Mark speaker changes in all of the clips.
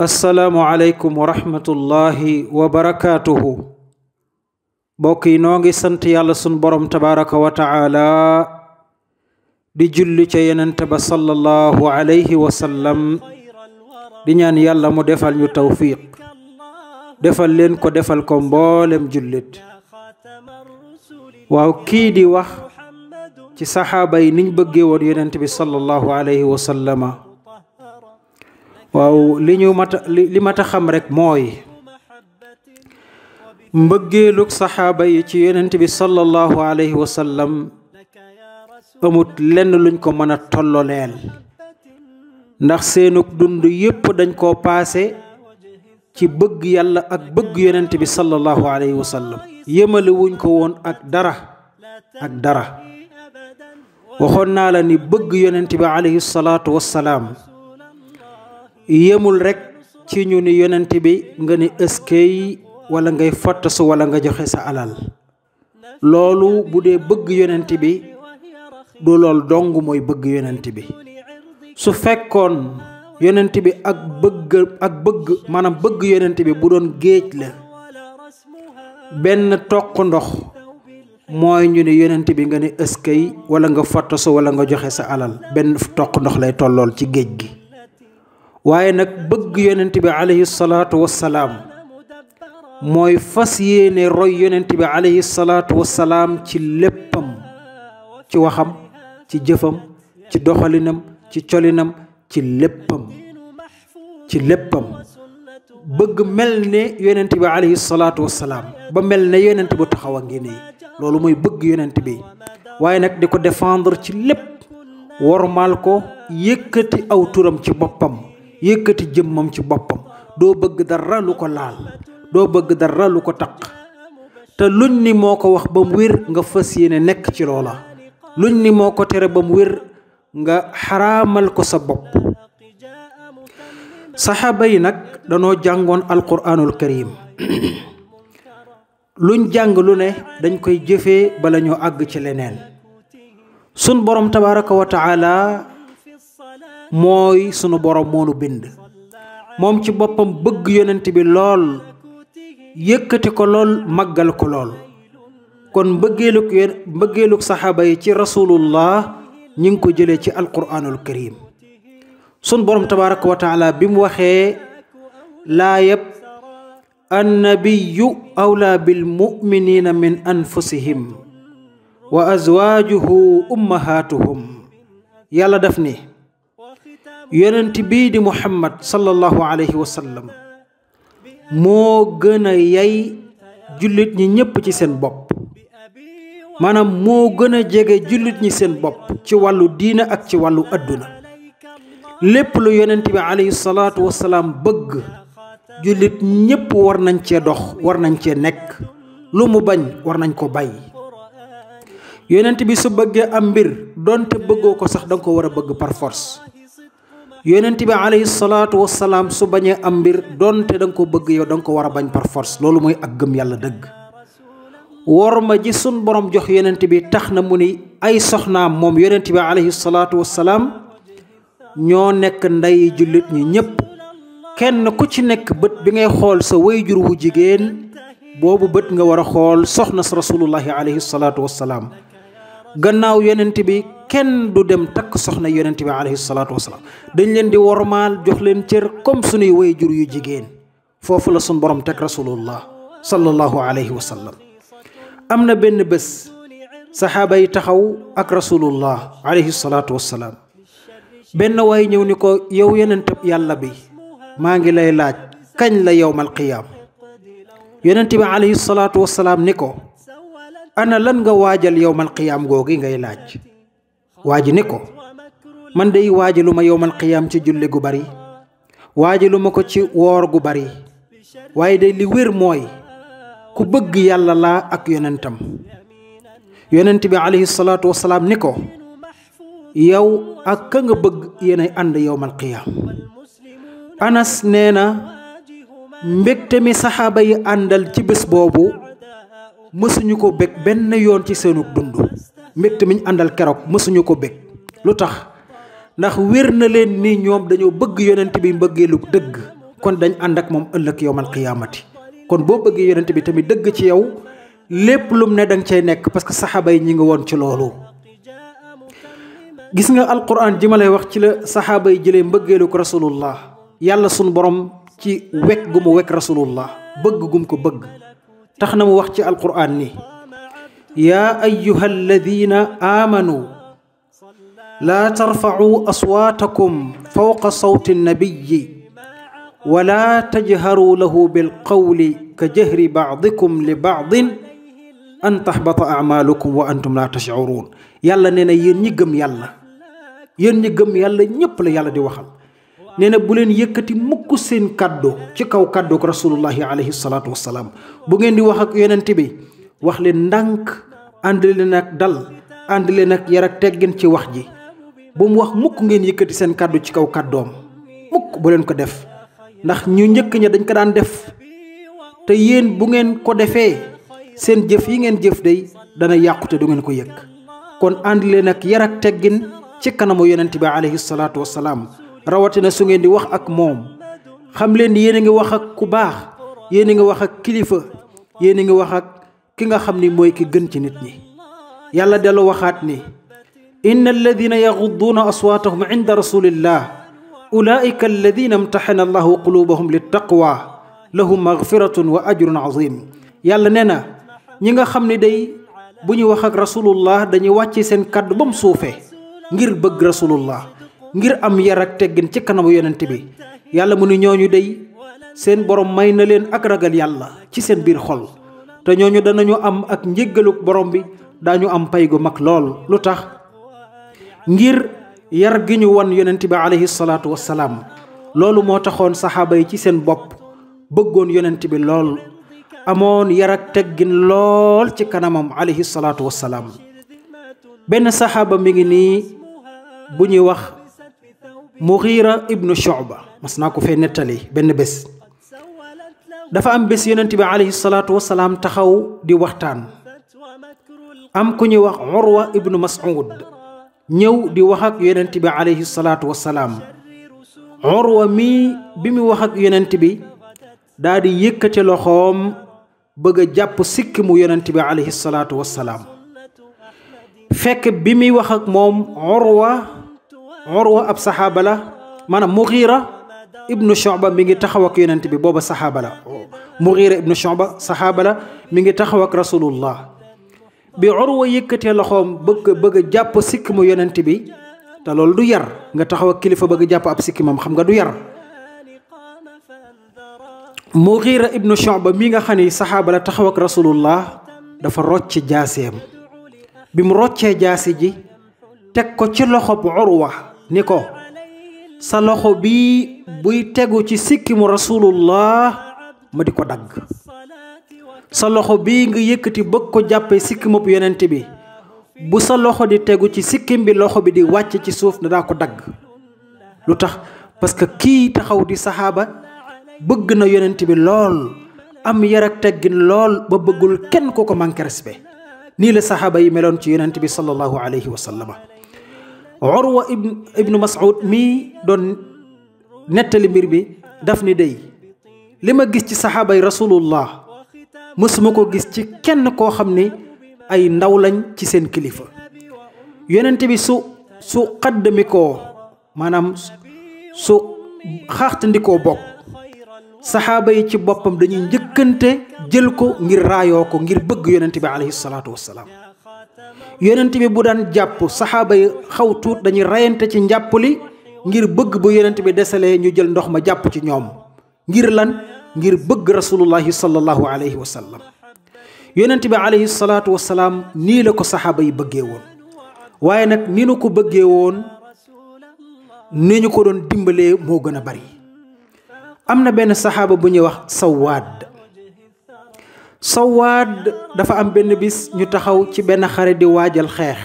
Speaker 1: asalaamualeykum wa rahmatullahi wa barakaatuhu mbokk yi noo ngi sant yàlla sun borom tabaraka wa taala di julli ca yenente ba sallallahu alayhi wa di ñaan yàlla mu defal ñu tawfiq defal leen ko defal ko mboolem jullit waaw kii di wax ci saxaaba yi niñ bëggee woon yenente bi sallallahu alayhi wa waaw li ñu mata li mata xam rek mooy mbëggeelug saxaaba yi ci yonent bi sallallahu alayhi wa sallam amut lenn luñ ko mën a tolloleel ndax seenug dund yépp dañ koo paase ci bëgg yàlla ak bëgg yonent bi sallallahu alayhi wa sallam yémale ko woon ak dara ak dara waxoon naa la ni bëgg yonent bi alayhi salaatu wassalaam yéemul rek ci ñu ni yonent bi nga ni ëskey wala ngay fottasu wala nga joxe sa alal loolu bu dee bëgg yonent bi du lool dong mooy bëgg yonent bi fekkoon yonent bi ak ak bëgg maanaam bëgg yonent bi bu doon géej la benn toq ndox mooy ñu ni yonent bi nga ne ëskay wala nga fottasu wala nga joxe sa alal benn toq ndox lay tollool ci géej gi waaye nag bëgg yonent bi alayhi salaatu salaam mooy fas yéene roy yonent bi alayhi salaatu salaam ci léppam ci waxam ci jëfam ci doxalinam ci colinam ci léppam ci léppam bëgg mel ne yonent bi alayhi salaatu wassalaam ba mel ne yonent bu taxaw a ngi nii loolu mooy bëgg yonent bi waaye nag di ko défendre ci lépp wormaal ko yëkkati aw turam ci boppam yëkkati jëmmam ci boppam doo bëgg dara lu ko laal doo bëgg dara lu ko taq te luñ ni moo ko wax ba mu wér nga fas yéene nekk ci loola luñ ni moo ko tere ba mu wér nga xaraamal ko sa bopp saxaaba yi nag danoo jàngoon alquraanul karim luñ jàng lu ne dañ koy jëfe bala ñoo àgg ci leneen sun borom tabaraka wa taala mooy sunu borom moo nu bind moom ci boppam bëgg yonent bi lool yëkkati ko lool màggal ko lool kon mbëggeeluk yén saxaaba yi ci rasulullah ñu ngi ko jëlee ci alquranul karim sun borom tabaraka wa taala bi mu waxee laayab annabiyu awlaa bilmuminina min anfusihim wa azwaajuhu ummahatuhum yàlla daf ni yonent bii di muhammad sallallahu alayhi wa sallam moo gën a yay jullit ñi ñépp ci seen bopp maanaam moo gën a jege jullit ñi seen bopp ci wàllu diina ak ci wàllu adduna lépp lu yonent bi alayhi salaatu wa salaam bëgg jullit ñépp war nañ cee dox war nañ cee nekk lu mu bañ war nañ koo bàyyi yonent bi su bëggee am mbir donte bëggoo ko sax danga ko war a bëgg par force yonent bi alayhi salaatu salaam su bañee am mbir donte da nga ko bëgg yow danga ko war a bañ par force loolu mooy ak yàlla dëgg wor ma ji sun borom jox yonent bi tax na mu ni ay soxnaam moom yonent bi alayhi salaatu salaam ñoo nekk ndey jullit ñi ñëpp kenn ku ci nekk bët bi ngay xool sa jur wu jigéen boobu bët nga war a xool soxna sa rasulullahi alayhi salaatu salaam gannaaw yonent bi kenn du dem takk soxna yonent bi alayhi salaatu wasalaam dañ leen di wormaal jox leen cër comme suñuy way jur yu jigéen foofu la suñ borom teg rasulullah sallallahu alayhi wa sallam am na benn bés saxaaba yi taxaw ak rasulullah alayhi benn waay ñëw ni ko yow yonent yàlla bi maa ngi lay laaj kañ la yowmal qiyaam yonent bi alayhi salaatu wasalaam ni ko ana lan nga waajal yowmal qiyaam googi ngay laaj ji ni ko man day waajalu ma yowmal qiyaam ci julli gu bari ma ko ci woor gu bari waaye day li wér mooy ku bëgg yàlla laa ak yonentam yonent bi alayhi salaatu wasalaam ni ko yow ak nga bëgg yéen ànd yowmal qiyaam anas nee na mbégte mi saxaaba yi àndal ci bés boobu mësuñu ko bëgg benn yoon ci seenu dund mbégte mi ñu àndal keroog mësuñu ko bëgg lu tax ndax wér na leen ni ñoom dañoo bëgg yonent bi mbëggeelu dëgg kon dañ ànd ak moom ëllëg yowmal qiyaamati kon boo bëggee yonent bi tamit dëgg ci yow lépp lum ne danga cay nekk parce que saxaaba yi ñi ngi woon ci loolu gis nga alquran ji ma lay wax ci la saxaaba yi jëlee mbëggeelu ko rasulullah yàlla sunu borom ci wekk gu mu wekk rasulullah bëgg gum ko bëgg tax na mu wax ci alquraan ni yaa ayuha alladina aamanu laa tarfacuu aswaatakum fawqa sawti nnabiyi wala tajharuu lahu bilqawli ka jahri bacdikum li bacdin an taxbata acmaalukum wa antum laa tashcuruun yàlla nee na yéen ñi gëm yàlla yéen ñi gëm yàlla ñépp la yàlla di waxal nee na bu leen yëkkati mukk seen kàddu ci kaw kàddook rasulullahi alayhi salaatu wasalaam bu ngeen di wax ak yonente bi wax leen ndànk ànd leen ak dal ànd leen ak yar ak teggin ci wax ji bu mu wax mukk ngeen yëkkati seen kàddu ci kaw kàddoom mukk bu leen ko def ndax ñu njëkk ña dañ ko daan def te yéen bu ngeen ko defee seen jëf yi ngeen jëf day dana yàqute du ngeen ko yëg kon ànd leen ak yar ak teggin ci kanamu yonente bi alayhi salaatu wasalaam rawatina su ngeen di wax ak moom xam leen ni yéen a ngi wax ak ku baax yéen a ngi wax ak kilifa yéen a ngi wax ak ki nga xam ni mooy ki gën ci nit ñi yàlla dellu waxaat ni na inna alladina yaxudduuna aswaatahum inda taxe na alladina imtaxana allahu quluubahum littaqwa lahum magfiratun wa ajrun azim yàlla nee na ñi nga xam ni day bu ñu wax ak rasulullah dañuy wàcc seen kàddu ba mu suufee ngir bëgg rasulullah ngir am yar ak teggin ci kanamu yonent bi yàlla mu ni ñu dey seen borom may na leen ak ragal yàlla ci seen biir xol te ñooñu danañu am ak njéggaluk borom bi daañu am pay gu mag lool lu tax ngir yar gi ñu won yonent bi aleyhi salaatu wassalaam loolu moo taxoon saxaaba yi ci seen bopp bëggoon yonent bi lool amoon yar ak teggin lool ci kanamam aleyhi salaatu wassalaam benn saxaaba mi ngi nii bu ñuy wax muxiira ibnu shuba mas naa ko fee nettali benn bés dafa am bés yonent bi alayhi salaatu wasalaam taxaw di waxtaan am ku ñuy wax urwa ibnu mas'ud ñëw di wax ak yonent bi alayhi salaatu wasalaam urwa mii bi mu wax ak yonent bi daa di yëkkati loxoom bëgg a jàpp sikki mu yonent bi alayhi salaatu wasalaam fekk bi muy wax moom urwa Urwa ab saxaaba la maanaam Mugiira ibnu Shuba mi ngi taxaw ak bi booba saxaaba la Mugiira ibnu Shuba saxaaba la mi ngi taxaw ak rasulullah bi loxoom bëgg jàpp sikk mu yonent bi te loolu du yar nga taxaw ak kilifa bëgg jàpp ab sikkimam xam nga du yar Mugiira ibnu Shuba mi nga xam ne saxaaba taxaw ak rasulullah dafa rocc jaaseem bi mu roccee jaasi ji teg ko ci loxob Urwa ni ko sa loxo bii buy tegu ci sikkimu rasulullah ma di ko dagg sa loxo bii nga yëkkati bëgg ko jàppee sikkimub yonent bi bu sa loxo di tegu ci sikkim bi loxo bi di wàcc ci suuf na daa ko dagg lu tax parce que kii taxaw di saxaaba bëgg na yonent bi lool am yar teggin lool ba bëggul kenn ku ko manque respect nii la saxaaba yi meloon ci yonent bi sallallahu alayhi wa sallama Urwa ibn ibnu Mas'ud mii doon nettali mbir mi daf ni day li ma gis ci saxaaba yi rasulullah mësuma ko gis ci kenn koo xam ni ay ndaw lañ ci seen kilifa yonent bi su su xaddami koo maanaam su xaaxtandikoo bopp saxaaba yi ci boppam dañuy njëkkante jël ko ngir raayoo ko ngir bëgg yonent bi alayhi salaatu wassalaam yonent bi bu daan jàpp saxaaba yi xaw tuut dañuy rayante ci njàpp li ngir bëgg bu yonent bi desalee ñu jël ndox ma jàpp ci ñoom ngir lan ngir bëgg rasulullahi sallallahu alayhi wa sallam yonent bi alayhi salaatu wa salaam nii la ko saxaaba yi bëggee woon waaye nag ni nu ko bëggee woon ni ñu ko doon dimbalee moo gën a bari am na benn saxaaba bu ñuy wax sawaad sawaad dafa am benn bis ñu taxaw ci benn xare di waajal xeex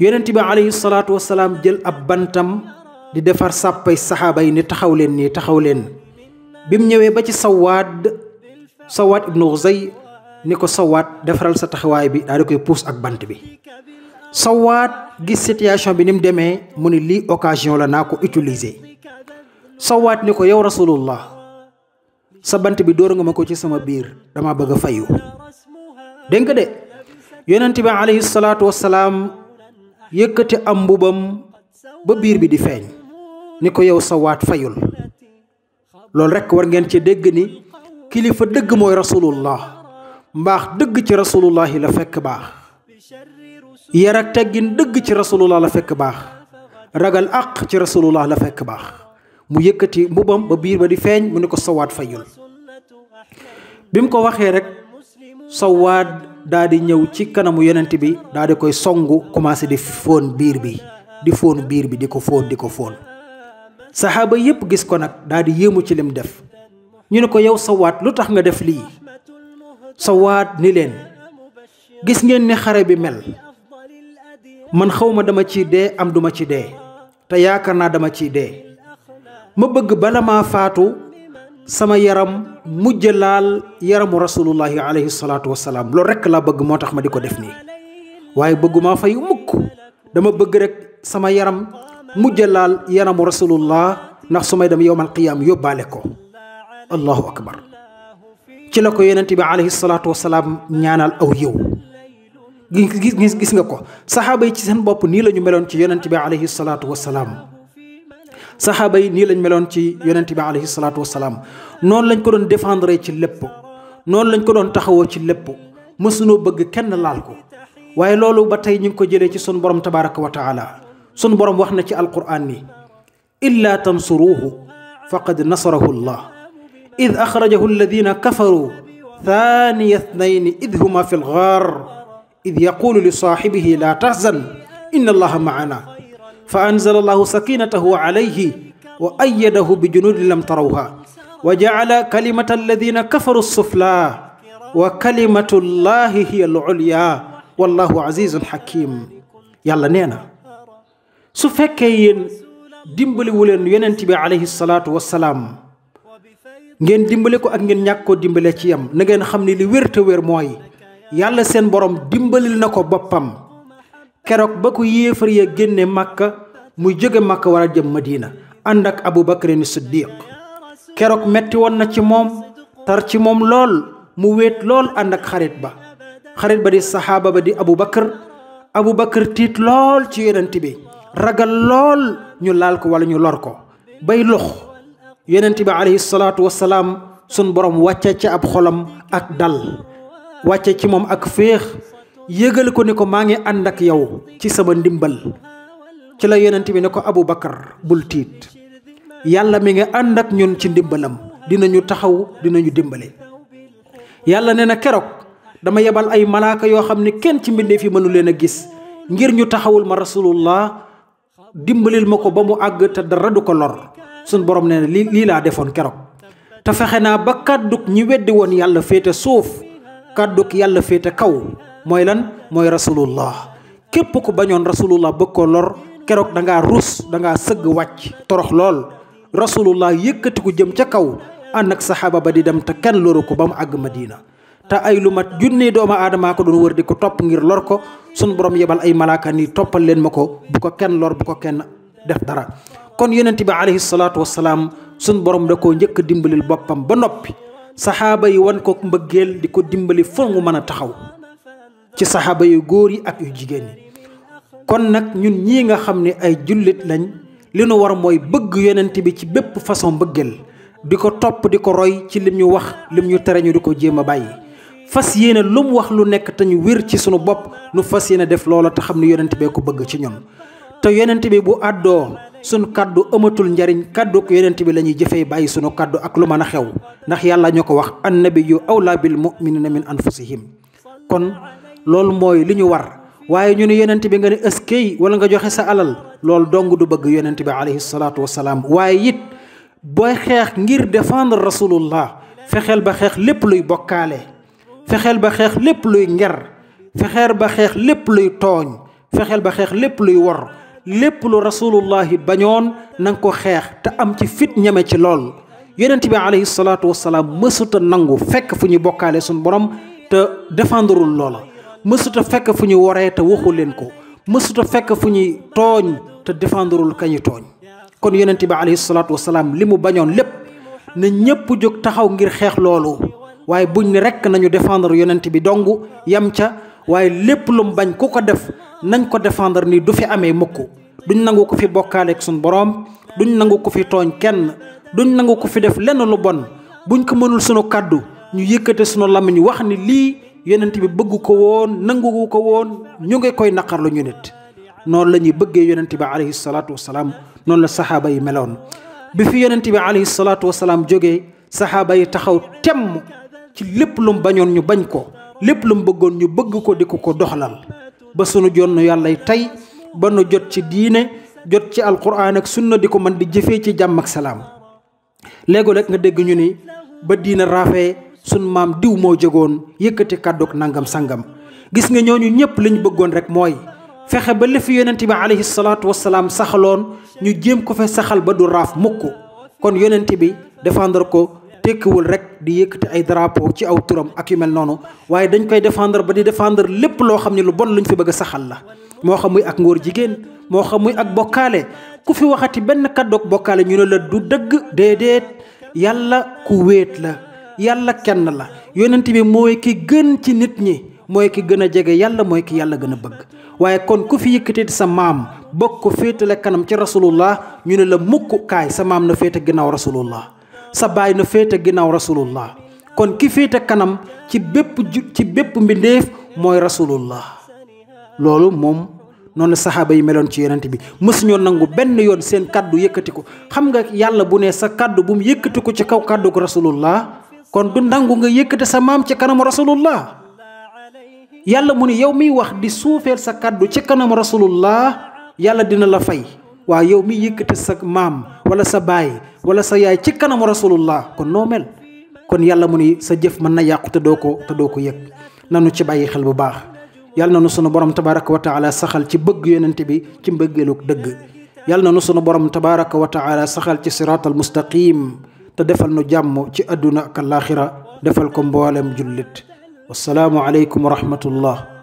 Speaker 1: yonent bi alayhi salaatu wasalaam jël ab bantam di defar sàppay saxaaba yi ni taxaw leen nii taxaw leen bi mu ñëwee ba ci sawaad sawaad ibnu xusay ni ko sawaat defaral sa taxawaay bi daal di koy puus ak bant bi sawaat gis situation bi ni demee mu ne lii occasion la naa ko utiliser sawaat ni ko yow rasulullah sa bant bi dóor nga ma ko ci sama biir dama bëgg a fayu dégg nga de yonent bi alayhi salaatu wasalaam yëkkati am mbubam ba biir bi di feeñ ni ko yow sa waat fayul loolu rekk war ngeen ci dégg ni kilifa dëgg mooy rasulullah mbaax dëgg ci rasulullahi la fekk baax yar ak teggin dëgg ci rasulullah la fekk baax ragal àq ci rasulullah la fekk baax mu yëkkati mbubam ba biir ba di feeñ mu ne ko sawaat fayul bi mu ko waxee rek sawaat daa di ñëw ci kanamu yonent bi daa di koy songu commencé di foon biir bi di fóon biir bi di ko fóon di ko fóon saxaaba yépp gis ko nag daa di yéemu ci lim def ñu ne ko yow sawaat lu tax nga def lii sawaat ni leen gis ngeen ni xare bi mel man xawma dama ciy dee am duma ci dee te yaakaar naa dama ciy dee ma bëgg bala maa faatu sama yaram mujj laal yaramu rasulullahi alayhi salaatu wasalaam loolu rekk laa bëgg moo tax ma di ko def nii waaye bëgguma fay mukk dama bëgg rek sama yaram mujj laal yaramu rasulullah ndax su may dem yowmal qiyaam yóbbaale ko allahu akbar ci la ko yonente bi alayhi salaatu wasalaam ñaanal aw yow gis gis gis nga ko saxaaba yi ci seen bopp nii la ñu meloon ci yonente bi alayhi salaatu wasalaam saxaaba yi nii lañ meloon ci yonent bi alayhi salaatu wasalaam noonu lañ ko doon defendre ci lépp noonu lañ ko doon taxawoo ci lépp mësunoo bëgg kenn laal ko waaye loolu ba tey ñu ngi ko jëlee ci sunu borom tabaraka wa taala sunu wax na ci alquran ni illaa tansuruuhu faqad nasarahu llah id axrajahu alladina kafaru thaniya thnayni id huma fi lgaar id yaqulu li maana fa anzala allahu sakinatahu alayhi wa ayyadahu bi junudin lam tarawha wa jaala kalimata alladina kafaru sufla wa kalimatu llahi hiya al ulya wallahu azizun hakim yàlla nee na su fekkee yéen dimbaliwuleen yonent bi alayhi salaatu wasalaam ngeen dimbali ko ak ngeen ñàkk koo dimbale ci yam na ngeen xam ni li wér te wér mooy yàlla seen borom dimbalil na ko boppam keroog ba ko yéefar ya génne màkka muy jóge màkka war a jëm madina ànd ak abu bakrin siddiq keroog metti woon na ci moom tar ci moom lool mu wéet lool ànd ak xarit ba xarit ba di saxaaba ba di abu bakar abu bakar tiit lool ci yonent bi ragal lool ñu laal ko wala ñu lor ko bay lux yonent bi alayhi salaatu wasalaam sunu borom wàcce ci ab xolam ak dal wàcce ci moom ak féex yëgal ko ne ko maa ngi ànd ak yow ci sama ndimbal ci la yonent bi ne ko Abu Bakar bul tiit yàlla mi nga ànd ak ñun ci ndimbalam dina ñu taxaw dinañu dimbale yàlla nee na keroog dama yebal ay malaaka yoo xam ne kenn ci mbindeef yi mënu leen a gis ngir ñu taxawul ma rasulullah dimbalil ma ko ba mu àgg te dara du ko lor suñ borom ne na lii lii laa defoon keroog te fexe naa ba kàdduk ñi weddi woon yàlla féete suuf kàdduk yàlla féete kaw mooy lan mooy rasulullah képp ku bañoon rasulullah bëgg ko lor keroog da ngaa ruus da ngaa sëgg wàcc torox lool rasulullah yëkkati ko jëm ca kaw ànd ak saxaaba ba di dem te kenn loru ko ba mu àgg ma diina te ay lu mat junni doomu aadamaa ko doon wër di ko topp ngir lor ko suñ borom yebal ay malaaka ni toppal leen ma ko bu ko kenn lor bu ko kenn def dara kon yonent bi alayhi salaatu wasalaam suñ borom da koo njëkk dimbali boppam ba noppi saxaaba yi wan ko mbëggeel di ko dimbali fu mu mën a taxaw ci saxaaba yu góor yi ak yu jigéen ñi kon nag ñun ñii nga xam ne ay jullit lañ li nu war mooy bëgg yonent bi ci bépp façon bëggeel di ko topp di ko roy ci lim ñu wax lim ñu tere ñu di ko jéem a bàyyi fas yéene lu mu wax lu nekk te ñu wér ci sunu bopp nu fas yéene def loola te xam ne yonent bee ko bëgg ci ñoom te yonent bi bu àddoo sunu kàddu amatul njariñ kàddu ko yonent bi la ñuy jëfee bàyyi sunu kàddu ak lu mën a xew ndax yàlla ñoo ko wax annabi yu awla bil muminina min anfusihim loolu mooy li ñu war waaye ñu ne yenent bi nga ne ëskey wala nga joxe sa alal loolu dong du bëgg yonent bi alayhi salaatu wasalaam waaye it booy xeex ngir défendre rasulullah fexeel ba xeex lépp luy bokkaale fexeel ba xeex lépp luy nger fexeel ba xeex lépp luy tooñ fexeel ba xeex lépp luy wor lépp lu rasulullahi bañoon na nga ko xeex te am ci fit ñeme ci lool yonent bi alayhi salaatu wasalaam mësuta nangu fekk fu ñu bokkaale suñu borom te défendrul loola mësuta fekk fu ñu waree te waxu leen ko mësuta fekk fu ñuy tooñ te défendrul kañu tooñ kon yonent bi alayhi salaatu wasalaam li mu bañoon lépp na ñépp jóg taxaw ngir xeex loolu waaye buñ ni rekk nañu défendre yonent bi dong yam ca waaye lépp lu mu bañ ku ko def nañ ko défendre ni du fi amee mukk duñ nangu ko fi bokkaale ak suñ boroom duñ nangu ko fi tooñ kenn duñ nangu ko fi def lenn lu bon buñ ko mënul sunu kàddu ñu yëkkate sunu làmmiñ wax yonent bi bëgg ko woon nangu ko woon ñu ngi koy naqarlu ñu nit noonu la ñuy bëggee yonent bi alayhi salaatu wasalaam noonu la saxaaba yi meloon bi fi yonent bi alayhi salaatu wasalaam jógee saxaaba yi taxaw temm ci lépp lum bañoon ñu bañ ko lépp lum bëggoon ñu bëgg ko di ko ko doxalal ba sunu jonn yàlla tey ba nu jot ci diine jot ci alquran ak na di ko mën di jëfee ci jàmm ak salaam léegoo rek nga dégg ñu ni ba diina raafee sun maam diw moo jógoon yëkkati kàdduk nangam sangam gis nga ñooñu ñëpp li ñu bëggoon rek mooy fexe ba li fi yonent bi alayhi salaatu wasalaam saxaloon ñu jéem ko fe saxal ba du raaf mukk kon yonent bi défendre ko tekkiwul rek di yëkkati ay drapeau ci aw turam ak yu mel noonu waaye dañ koy défendre ba di défendre lépp loo xam ne lu bon luñ fi bëgg saxal la moo xam muy ak ngóor jigéen moo xam muy ak bokkaale ku fi waxati benn kàddoog bokkaale ñu la du dëgg déedéet ku wéet la yàlla kenn la yonent bi mooy ki gën ci nit ñi mooy ki gën a jege yàlla mooy ki yàlla gën a bëgg waaye kon ku fi yëkkatee sa maam bokk ko féetale kanam ci rasulullah ñu ne la mukkukaay kaay sa maam na féete ginnaaw rasulullah sa baay na féete ginnaaw rasulullah kon ki féete kanam ci bépp ju ci bépp mbindéef mooy rasulullah loolu moom noonu saxaaba yi meloon ci yonent bi mësuñoo nangu benn yoon seen kàddu yëkkati ko xam nga yàlla bu ne sa kàddu bu mu ko ci kaw kàddu ko rasulullah kon du nangu nga yëkkate sa maam ci kanamu rasulullah yàlla mu ni yow mi wax di suufeel sa kàddu ci kanamu rasulullah yàlla dina la fay waa yow mi yëkkate sa maam wala sa baay wala sa yaay ci kanamu rasulullah kon noo mel kon yàlla mu ni sa jëf mën na yàqu te doo ko te doo ko yëg nanu ci bàyyi xel bu baax yàlla na nu sunu borom tabaraka wa taala saxal ci bëgg yonente bi ci mbëggeelu dëgg yàlla na nu sunu borom tabaraka wa taala saxal ci te defal nu jàmm ci àdduna ak alaaxira defal ko mboolem jullit wassalaamu aleykum wa rahmatullah